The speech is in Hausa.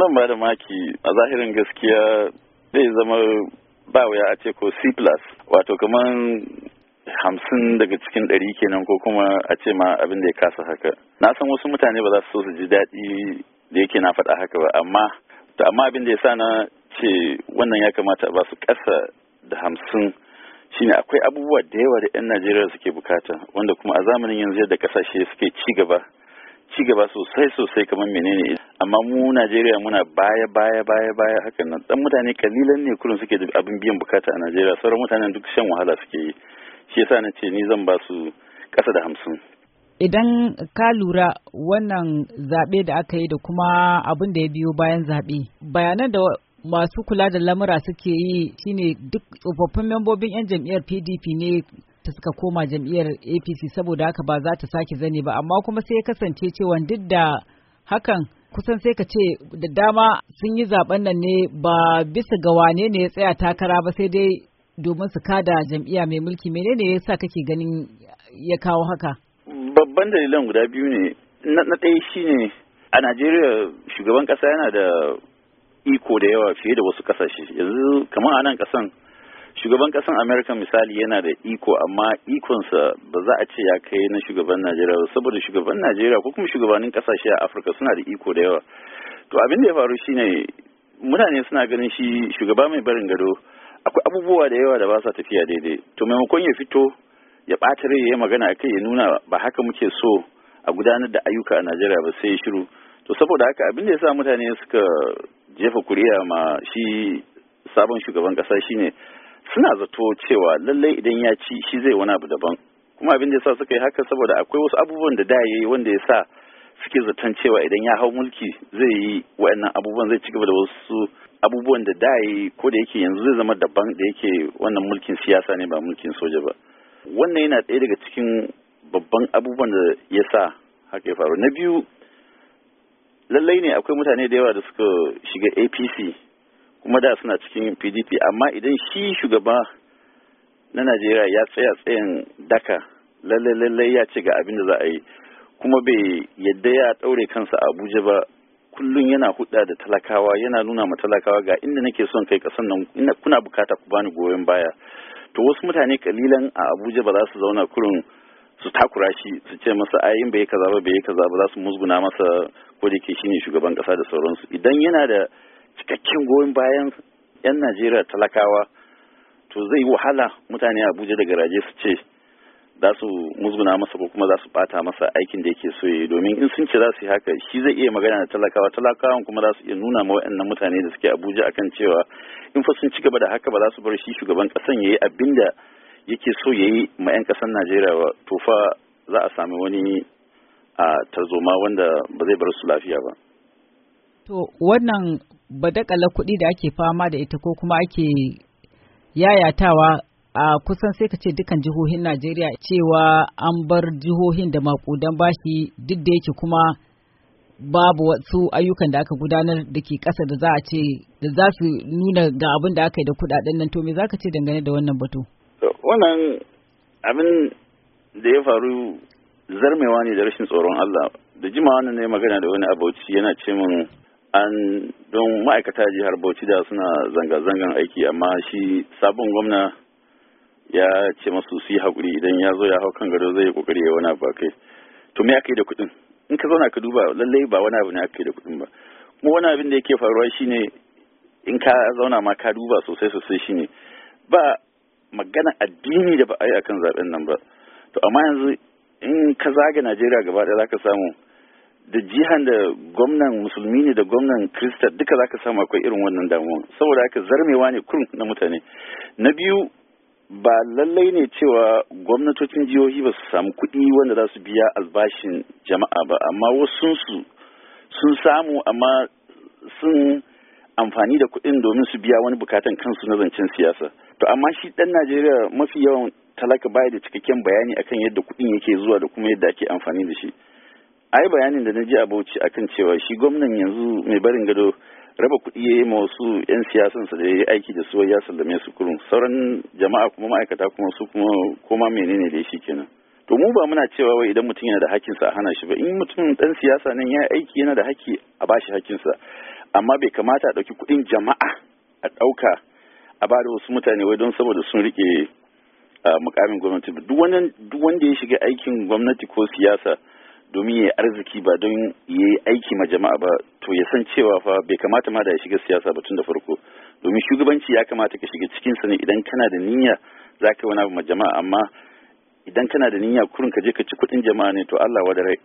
nan ba da maki a zahirin gaskiya zai zama ba wuya a ce ko c plus wato kamar hamsin daga cikin ɗari kenan ko kuma a ce ma abin da ya kasa haka na san wasu mutane ba za su so su ji daɗi da yake na faɗa haka ba amma to amma abin da ya sa na ce wannan ya kamata ba su ƙasa da hamsin shine akwai abubuwa da yawa da 'yan najeriya suke bukata wanda kuma a zamanin yanzu yadda ƙasashe suke ci gaba ci gaba sosai sosai kamar menene amma mu Najeriya muna baya baya baya baya hakan nan dan mutane kalilan ne kullum suke da abin biyan bukata a Najeriya sauran mutanen duk shan wahala suke yi shi yasa na ce ni zan ba su kasa da hamsin idan ka lura wannan zaɓe da aka yi da kuma abin da ya biyo bayan zaɓe bayanan da masu kula da lamura suke yi shine duk tsofaffin membobin 'yan jam'iyyar pdp ne ta suka koma jam'iyyar apc saboda haka ba za ta sake zane ba amma kuma sai ya kasance cewa duk da hakan kusan sai ka ce da dama sun yi zaben nan ne ba bisa ga wane ne ya tsaya takara ba sai dai domin su kada jam'iyya mai mulki menene ya sa kake ganin ya kawo haka babban dalilan guda biyu ne na ɗaya shine a najeriya shugaban ƙasa yana da iko da yawa fiye da wasu ƙasashe yanzu kamar a nan ƙasan shugaban kasan america misali yana da iko amma ikonsa ba za a ce ya kai na shugaban najeriya ba saboda shugaban najeriya ko kuma shugabannin kasashe a afirka suna da iko da yawa to abin da ya faru shine mutane suna ganin shi shugaba mai barin gado akwai abubuwa da yawa da ba sa tafiya daidai to maimakon ya fito ya ɓata rai ya magana akai ya nuna ba haka muke so a gudanar da ayyuka a najeriya ba sai ya shiru to saboda haka abin da ya sa mutane suka jefa kuri'a ma shi sabon shugaban kasa shine suna zato cewa lallai idan ya ci shi zai wani abu daban kuma abin da yasa suka yi haka saboda akwai wasu abubuwan da da yayi wanda ya sa suke zaton cewa idan ya hau mulki zai yi wa'annan abubuwan zai ci gaba da wasu abubuwan da da yayi ko da yake yanzu zai zama daban da yake wannan mulkin siyasa ne ba mulkin soja ba wannan yana ɗaya daga cikin babban abubuwan da ya sa haka ya faru na biyu lallai ne akwai mutane da yawa da suka shiga apc kuma da suna cikin pdp amma idan shi shugaba na najeriya ya tsaya tsayin daka lalle lalle ya ce ga abin da za a yi kuma bai yadda ya ɗaure kansa a abuja ba kullum yana hudda da talakawa yana nuna ma talakawa ga inda nake son kai kasan nan kuna bukata ku bani goyon baya to wasu mutane kalilan a abuja ba za su zauna kurin su takura shi su ce masa ai in bai kaza ba bai kaza ba za su musguna masa ko da ke shine shugaban kasa da sauransu idan yana da cikakken goyon bayan 'yan Najeriya talakawa to zai wahala mutane a Abuja da garaje su ce za su musguna masa ko kuma za su bata masa aikin da yake so yi domin in sun ce za su yi haka shi zai iya magana da talakawa talakawan kuma za su iya nuna ma wa'annan mutane da suke Abuja akan cewa in fa sun ci gaba da haka ba za su bar shi shugaban ya yayi abin da yake so yayi ma 'yan kasan Najeriya ba to fa za a sami wani a tarzoma wanda ba zai bar su lafiya ba. To wannan badakalar kuɗi da ake fama da ita ko kuma ake yayatawa a kusan sai ka ce dukan jihohin Najeriya cewa an bar jihohin da makudan bashi duk da yake kuma babu wasu ayyukan da aka gudanar da ke ƙasa da za a ce da za su nuna ga abin da aka yi da kuɗaɗen nan to me za ka ce dangane da wannan batu? wannan abin da ya faru zarmewa ne da rashin tsoron Allah da jimawa ne magana da wani abauci yana ce min an don ma'aikata jihar bauchi da suna zanga-zangan aiki amma shi sabon gwamna ya ce masu su yi haƙuri idan ya zo ya hau kan gado zai kokari ya wani abu kai to me aka yi da kuɗin in ka zauna ka duba lallai ba wani abu ne aka yi da kuɗin ba kuma wani abin da yake faruwa shine in ka zauna ma ka duba sosai sosai shine ba magana addini da ba a yi akan zaben nan ba to amma yanzu in ka zaga Najeriya gaba ɗaya zaka samu da jihan da gwamnan musulmi ne da gwamnan krista duka zaka samu akwai irin wannan damuwa saboda haka zarmewa ne kurum na mutane na biyu ba lallai ne cewa gwamnatocin jihohi ba su samu kuɗi wanda za su biya albashin jama'a ba amma wasu sun samu amma sun amfani da kuɗin domin su biya wani bukatan kansu na zancen siyasa to amma shi ɗan najeriya mafi yawan talaka baya da cikakken bayani akan yadda kuɗin yake zuwa da kuma yadda ake amfani da shi ai bayanin da na ji a bauchi akan cewa shi gwamnan yanzu mai barin gado raba kuɗi ya yi wasu 'yan siyasan su da ya yi aiki da su ya sallame su kurum sauran jama'a kuma ma'aikata kuma su kuma koma menene da shi kenan to mu ba muna cewa wai idan mutum yana da sa a hana shi ba in mutum dan siyasa nan ya aiki yana da hakki a bashi sa amma bai kamata a ɗauki kuɗin jama'a a ɗauka a ba da wasu mutane wai don saboda sun riƙe ah, mukamin gwamnati duk wanda ya shiga aikin gwamnati ko siyasa domin ya arziki ba don ya yi aiki ma jama'a ba to ya san cewa fa bai kamata ma da ya shiga siyasa ba tun da farko domin shugabanci ya kamata ka shiga cikin sa ne idan kana da niyya za ka wani abu ma jama'a amma idan kana da niyya kurin ka je ka ci kuɗin jama'a ne to Allah wadare